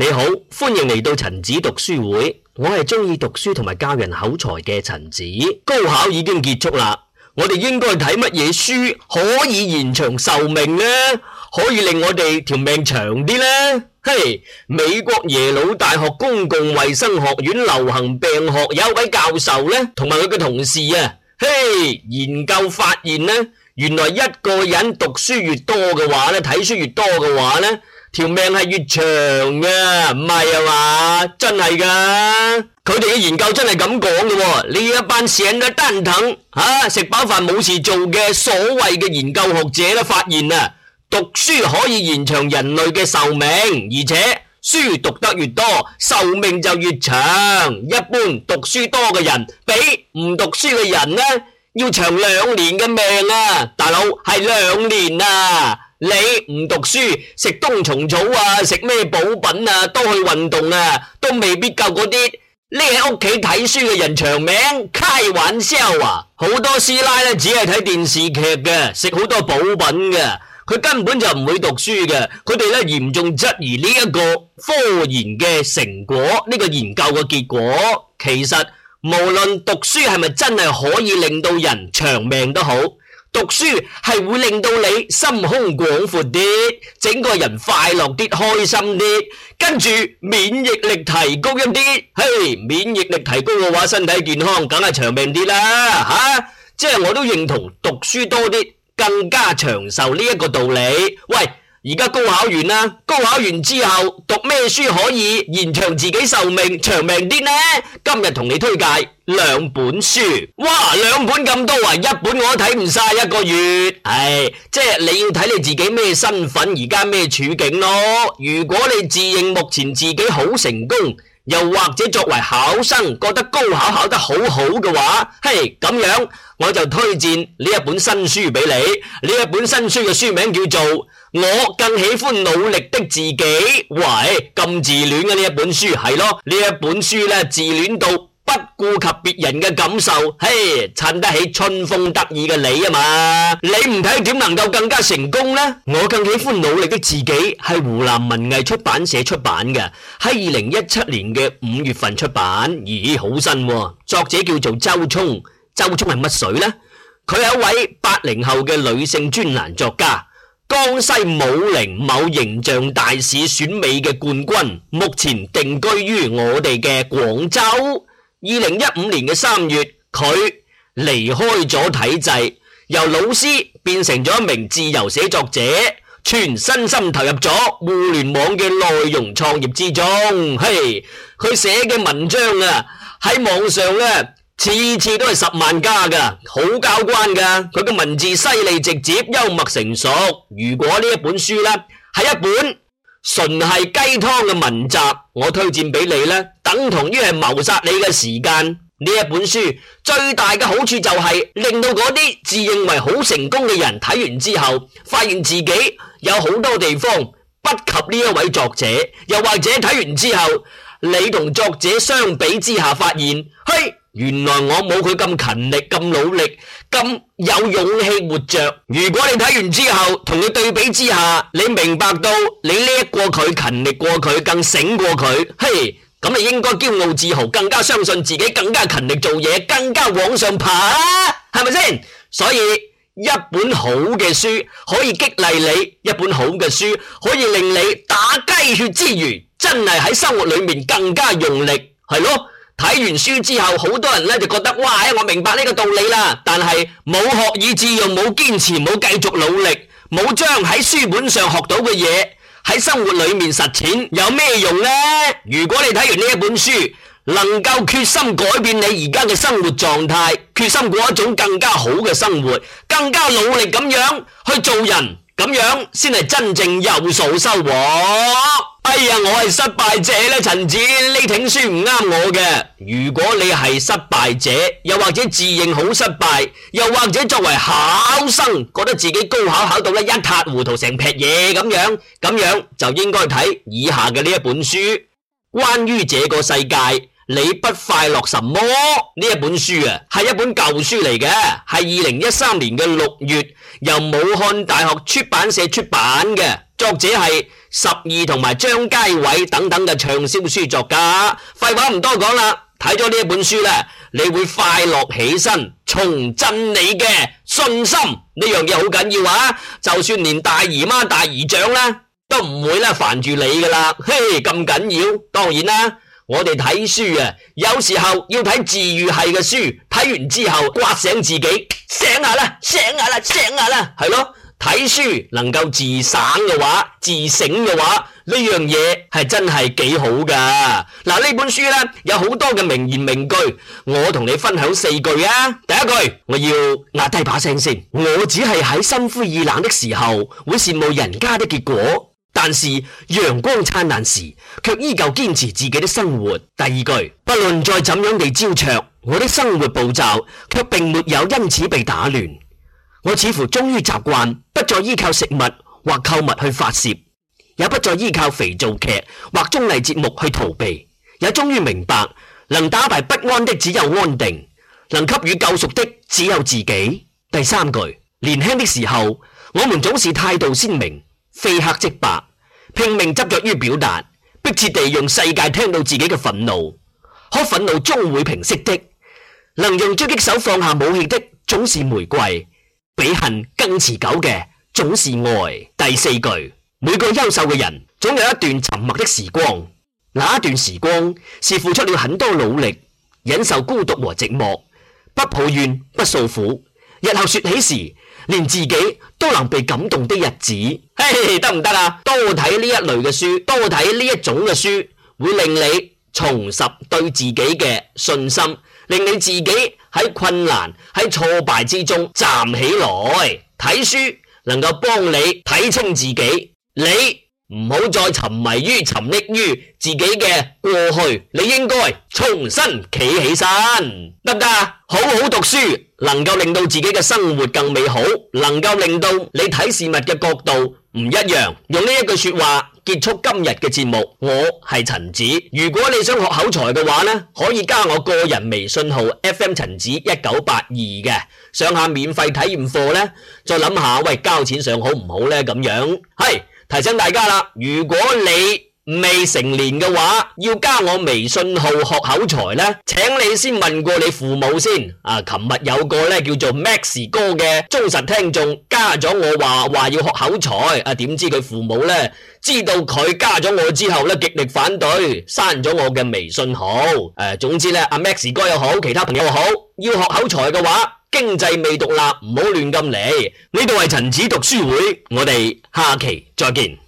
你好，歡迎嚟到陳子讀書會。我係中意讀書同埋教人口才嘅陳子。高考已經結束啦，我哋應該睇乜嘢書可以延長壽命呢？可以令我哋條命長啲呢？嘿，美國耶魯大學公共衛生學院流行病學有一位教授呢，同埋佢嘅同事啊，嘿，研究發現呢，原來一個人讀書越多嘅話呢，睇書越多嘅話呢。條命係越長嘅，唔係啊嘛？真係噶，佢哋嘅研究真係咁講嘅喎。呢一班成日都蛋疼吓，食飽飯冇事做嘅所謂嘅研究學者都發現啊，讀書可以延長人類嘅壽命，而且書讀得越多，壽命就越長。一般讀書多嘅人比唔讀書嘅人呢，要長兩年嘅命啊，大佬係兩年啊！你唔讀書，食冬蟲草啊，食咩補品啊，都去運動啊，都未必夠嗰啲匿喺屋企睇書嘅人長命。開玩笑啊，好多師奶呢，只係睇電視劇嘅，食好多補品嘅，佢根本就唔會讀書嘅。佢哋呢，嚴重質疑呢一個科研嘅成果，呢個研究嘅結果。其實無論讀書係咪真係可以令到人長命都好。讀書係會令到你心胸廣闊啲，整個人快樂啲，開心啲，跟住免疫力提高一啲。嘿、hey，免疫力提高嘅話，身體健康，梗係長命啲啦。吓，即係我都認同讀書多啲更加長壽呢一個道理。喂！而家高考完啦，啊，高考完之後讀咩書可以延長自己壽命，長命啲呢？今日同你推介兩本書，哇，兩本咁多啊，一本我都睇唔晒一個月，唉，哎，即係你要睇你自己咩身份，而家咩處境咯。如果你自認目前自己好成功。又或者作為考生覺得高考考得好好嘅話，嘿，咁樣我就推薦呢一本新書俾你。呢一本新書嘅書名叫做《我更喜歡努力的自己》，喂，咁自戀嘅呢一本書係咯，呢一本書呢，自戀到。.不顧及別人嘅感受，嘿，襯得起春風得意嘅你啊嘛！你唔睇點能夠更加成功呢？我更喜歡努力嘅自己。係湖南文藝出版社出版嘅，喺二零一七年嘅五月份出版，咦，好新喎！作者叫做周沖，周沖係乜水呢？佢係一位八零後嘅女性專欄作家，江西武寧某形象大使選美嘅冠軍，目前定居於我哋嘅廣州。二零一五年嘅三月，佢離開咗體制，由老師變成咗一名自由寫作者，全身心投入咗互聯網嘅內容創業之中。嘿，佢寫嘅文章啊，喺網上咧、啊、次次都係十萬加噶，好交關噶。佢嘅文字犀利直接、幽默成熟。如果呢一本書呢，係一本。純係雞湯嘅文集，我推薦俾你呢，等同於係謀殺你嘅時間。呢一本書最大嘅好處就係令到嗰啲自認為好成功嘅人睇完之後，發現自己有好多地方不及呢一位作者，又或者睇完之後，你同作者相比之下發現，嘿。原來我冇佢咁勤力、咁努力、咁有勇氣活着。如果你睇完之後同佢對比之下，你明白到你叻過佢、勤力過佢、更醒過佢，嘿，咁你應該驕傲自豪，更加相信自己，更加勤力做嘢，更加往上爬啦，係咪先？所以一本好嘅書可以激勵你，一本好嘅書可以令你打雞血之餘，真係喺生活裏面更加用力，係咯。睇完書之後，好多人咧就覺得，哇！我明白呢個道理啦。但係冇學以致用，冇堅持，冇繼續努力，冇將喺書本上學到嘅嘢喺生活裏面實踐，有咩用呢？如果你睇完呢一本書，能夠決心改變你而家嘅生活狀態，決心過一種更加好嘅生活，更加努力咁樣去做人，咁樣先係真正有所收穫。我係失敗者咧，陳子呢挺書唔啱我嘅。如果你係失敗者，又或者自認好失敗，又或者作為考生覺得自己高考考到咧一塌糊塗，成劈嘢咁樣，咁樣就應該睇以下嘅呢一本書，關於這個世界。你不快樂什麼？呢本書啊，係一本舊書嚟嘅，係二零一三年嘅六月由武漢大學出版社出版嘅，作者係十二同埋張佳瑋等等嘅暢銷書作家。廢話唔多講啦，睇咗呢本書呢，你會快樂起身，重振你嘅信心。呢樣嘢好緊要啊！就算連大姨媽、大姨丈呢都唔會咧煩住你噶啦，嘿咁緊要，當然啦。我哋睇書啊，有時候要睇治愈系嘅書，睇完之後刮醒自己，醒下啦，醒下啦，醒下啦，係咯。睇書能夠自省嘅話，自省嘅話，呢樣嘢係真係幾好噶。嗱，呢本書咧有好多嘅名言名句，我同你分享四句啊。第一句，我要壓低把聲先，我只係喺心灰意冷的時候會羨慕人家的結果，但是陽光燦爛時，卻依舊堅持自己的生活。第二句，不論再怎樣地焦灼，我的生活步驟卻並沒有因此被打亂。我似乎終於習慣，不再依靠食物或購物去發泄，也不再依靠肥皂劇或綜藝節目去逃避。也終於明白，能打敗不安的只有安定，能給予救贖的只有自己。第三句，年輕的時候，我們總是態度鮮明，非黑即白。拼命執着於表達，迫切地讓世界聽到自己嘅憤怒，可憤怒終會平息的。能用狙擊手放下武器的，總是玫瑰；比恨更持久嘅，總是愛。第四句，每個優秀嘅人，總有一段沉默的時光，那一段時光是付出了很多努力，忍受孤獨和寂寞，不抱怨，不訴苦。日後說起時，連自己都能被感動的日子，嘿嘿，得唔得啊？多睇呢一類嘅書，多睇呢一種嘅書，會令你重拾對自己嘅信心，令你自己喺困難、喺挫敗之中站起來。睇書能夠幫你睇清自己，你唔好再沉迷於、沉溺於自己嘅過去，你應該重新企起身，得唔得啊？好好讀書。能夠令到自己嘅生活更美好，能夠令到你睇事物嘅角度唔一樣。用呢一句說話，結束今日嘅節目。我係陳子，如果你想學口才嘅話呢，可以加我個人微信號 fm 陳子一九八二嘅，上下免費體驗課。呢再諗下，喂，交錢上好唔好呢？咁樣係提醒大家啦，如果你。未成年嘅話要加我微信號學口才呢，請你先問過你父母先。啊，琴日有個咧叫做 Max 哥嘅忠實聽眾加咗我話話要學口才，啊點知佢父母呢，知道佢加咗我之後呢極力反對，刪咗我嘅微信號。誒、啊，總之呢阿、啊、Max 哥又好，其他朋友又好，要學口才嘅話，經濟未獨立唔好亂咁嚟。呢度係陳子讀書會，我哋下期再見。